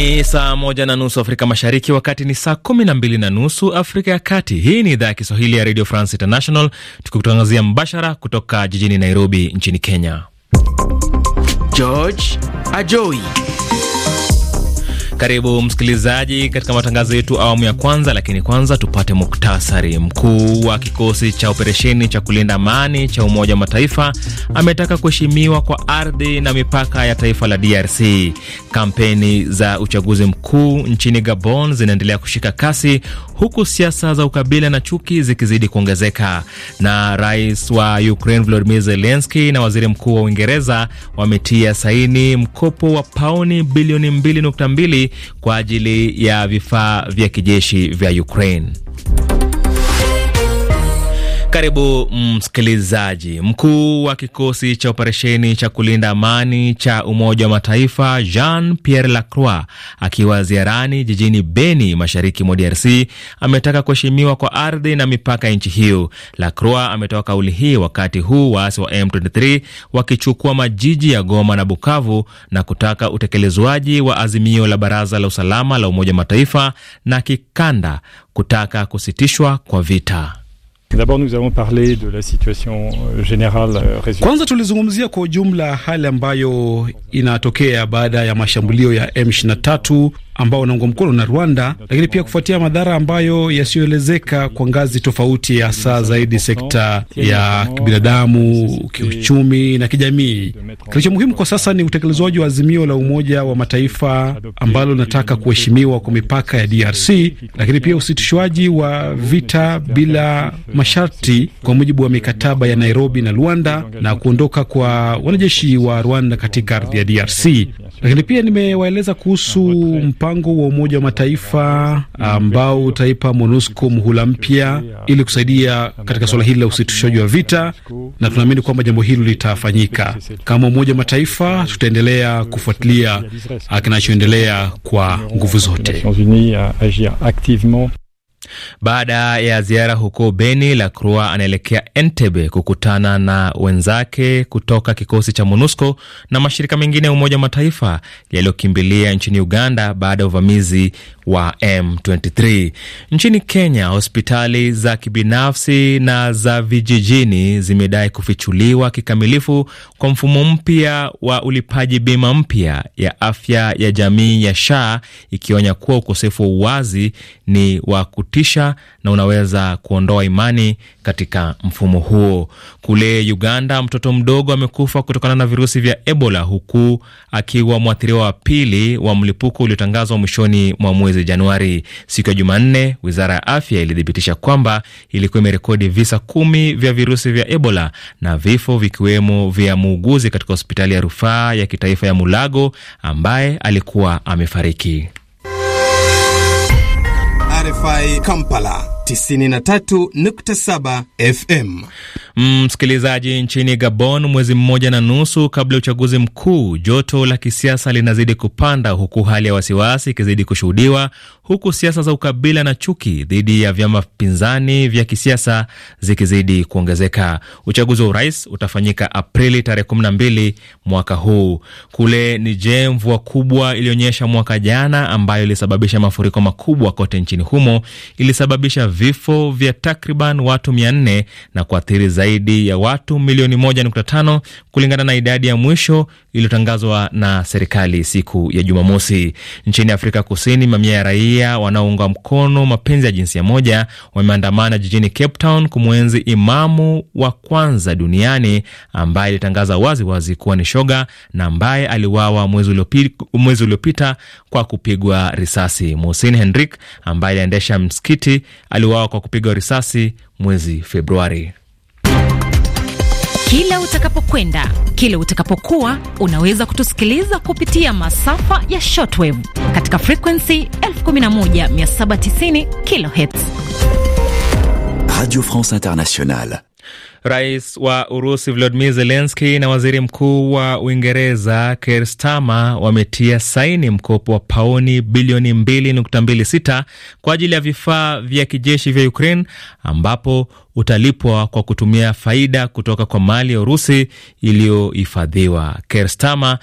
Ni saa moja na nusu Afrika Mashariki, wakati ni saa kumi na mbili na nusu Afrika ya Kati. Hii ni idhaa ya Kiswahili ya Radio France International, tukikutangazia mbashara kutoka jijini Nairobi nchini Kenya. George Ajoi karibu msikilizaji katika matangazo yetu awamu ya kwanza, lakini kwanza tupate muktasari. Mkuu wa kikosi cha operesheni cha kulinda amani cha Umoja wa Mataifa ametaka kuheshimiwa kwa ardhi na mipaka ya taifa la DRC. Kampeni za uchaguzi mkuu nchini Gabon zinaendelea kushika kasi huku siasa za ukabila na chuki zikizidi kuongezeka. Na rais wa Ukraine Volodymyr Zelensky na waziri mkuu wa Uingereza wametia saini mkopo wa pauni bilioni 2.2 kwa ajili ya vifaa vya kijeshi vya Ukraine. Karibu msikilizaji. Mkuu wa kikosi cha operesheni cha kulinda amani cha Umoja wa Mataifa Jean Pierre Lacroix akiwa ziarani jijini Beni, mashariki mwa DRC, ametaka kuheshimiwa kwa ardhi na mipaka ya nchi hiyo. Lacroix ametoa kauli hii wakati huu waasi wa M23 wakichukua majiji ya Goma na Bukavu na kutaka utekelezwaji wa azimio la Baraza la Usalama la Umoja wa Mataifa na kikanda kutaka kusitishwa kwa vita. D'abord nous avons parlé de la situation euh, générale euh, resultat. Kwanza tulizungumzia kwa ujumla hali ambayo inatokea baada ya mashambulio ya M23 ambao wanaungwa mkono na Rwanda, lakini pia kufuatia madhara ambayo yasiyoelezeka kwa ngazi tofauti, hasa zaidi sekta ya kibinadamu, kiuchumi na kijamii. Kilicho muhimu kwa sasa ni utekelezwaji wa azimio la Umoja wa Mataifa ambalo linataka kuheshimiwa kwa mipaka ya DRC, lakini pia usitishwaji wa vita bila masharti kwa mujibu wa mikataba ya Nairobi na Luanda na kuondoka kwa wanajeshi wa Rwanda katika ardhi ya DRC. Lakini pia nimewaeleza kuhusu ah, mpango wa Umoja wa Mataifa ah, ambao utaipa MONUSCO mhula mpya ili kusaidia katika suala hili la usitishaji wa vita, na tunaamini kwamba jambo hilo litafanyika. Kama Umoja wa Mataifa, tutaendelea kufuatilia kinachoendelea kwa nguvu zote. Uh, baada ya ziara huko Beni, Lacroix anaelekea Entebbe kukutana na wenzake kutoka kikosi cha MONUSCO na mashirika mengine ya Umoja wa Mataifa yaliyokimbilia nchini Uganda baada ya uvamizi wa M23. Nchini Kenya, hospitali za kibinafsi na za vijijini zimedai kufichuliwa kikamilifu kwa mfumo mpya wa ulipaji bima mpya ya afya ya jamii ya SHA, ikionya kuwa ukosefu wa uwazi ni wa motisha na unaweza kuondoa imani katika mfumo huo. Kule Uganda, mtoto mdogo amekufa kutokana na virusi vya Ebola, huku akiwa mwathiriwa wa pili wa mlipuko uliotangazwa mwishoni mwa mwezi Januari. Siku ya Jumanne, wizara ya afya ilithibitisha kwamba ilikuwa imerekodi visa kumi vya virusi vya Ebola na vifo vikiwemo vya muuguzi katika hospitali ya rufaa ya kitaifa ya Mulago ambaye alikuwa amefariki. wi Kampala. 93.7 FM. Msikilizaji, mm, nchini Gabon, mwezi mmoja na nusu kabla ya uchaguzi mkuu, joto la kisiasa linazidi kupanda, huku hali ya wasiwasi ikizidi kushuhudiwa, huku siasa za ukabila na chuki dhidi ya vyama pinzani vya kisiasa zikizidi kuongezeka. Uchaguzi wa urais utafanyika Aprili tarehe 12 mwaka huu. Kule Niger, mvua kubwa ilionyesha mwaka jana, ambayo ilisababisha mafuriko makubwa kote nchini humo ilisababisha vifo vya takriban watu 400 na kuathiri zaidi ya watu milioni 1.5 kulingana na idadi ya mwisho iliyotangazwa na serikali siku ya Jumamosi. Nchini Afrika Kusini, mamia ya raia wanaounga mkono mapenzi ya jinsia moja wameandamana jijini Cape Town kumwenzi imamu wa kwanza duniani ambaye alitangaza wazi wazi kuwa ni shoga na ambaye aliwawa mwezi uliopita kwa kupigwa risasi. Muhsin Henrik ambaye aliendesha msikiti aliwawa kwa kupigwa risasi mwezi Februari. Kila utakapokwenda, kila utakapokuwa, unaweza kutusikiliza kupitia masafa ya shortwave katika frequency 11790 kilohertz. Radio France Internationale. Rais wa Urusi Volodymyr Zelensky na waziri mkuu wa Uingereza Keir Starmer wametia saini mkopo wa paoni bilioni 2.26 kwa ajili ya vifaa vya kijeshi vya Ukraine ambapo utalipwa kwa kutumia faida kutoka kwa mali ya Urusi iliyohifadhiwa. Keir Starmer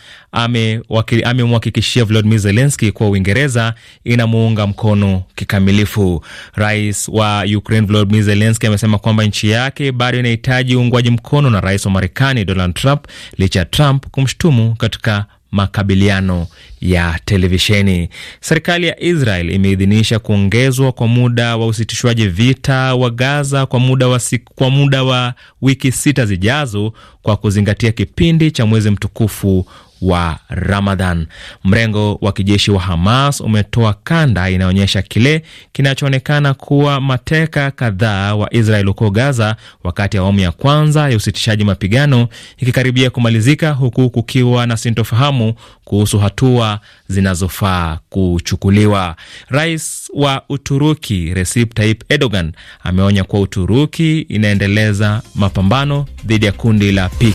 amemhakikishia ame Volodymyr Zelensky kuwa Uingereza inamuunga mkono kikamilifu. Rais wa Ukraine Volodymyr Zelensky amesema kwamba nchi yake bado inahitaji uungwaji mkono na rais wa Marekani Donald Trump licha ya Trump kumshutumu katika makabiliano ya televisheni. Serikali ya Israel imeidhinisha kuongezwa kwa muda wa usitishwaji vita wa Gaza kwa muda wa, siku, kwa muda wa wiki sita zijazo kwa kuzingatia kipindi cha mwezi mtukufu wa Ramadhan. Mrengo wa kijeshi wa Hamas umetoa kanda inaonyesha kile kinachoonekana kuwa mateka kadhaa wa Israel huko Gaza, wakati awamu ya kwanza ya usitishaji mapigano ikikaribia kumalizika, huku kukiwa na sintofahamu kuhusu hatua zinazofaa kuchukuliwa. Rais wa Uturuki Recep Tayyip Erdogan ameonya kuwa Uturuki inaendeleza mapambano dhidi ya kundi la